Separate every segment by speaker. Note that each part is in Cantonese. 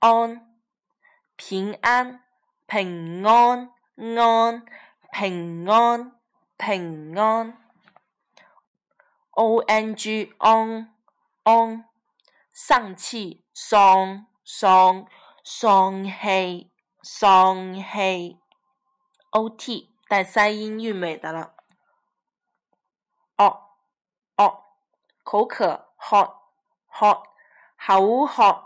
Speaker 1: 安，平安，平安，安，平安，平安。平安 O N G 安、嗯，安，喪氣，喪，喪，喪氣，喪氣。O T，但係西音韻未得啦。惡，惡，口渴，渴，渴，口渴。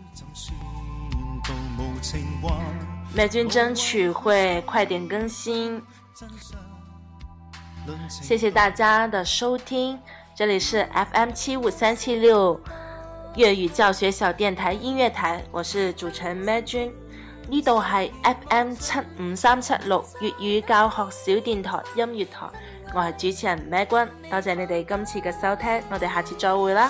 Speaker 1: 美君爭取會快點更新，謝謝大家的收聽，這裏是 F M 七五三七六粵語教學小電台音樂台，我是主持人美君。呢度係 F M 七五三七六粵語教學小電台音樂台，我係主持人美君，多謝你哋今次嘅收聽，我哋下次再會啦。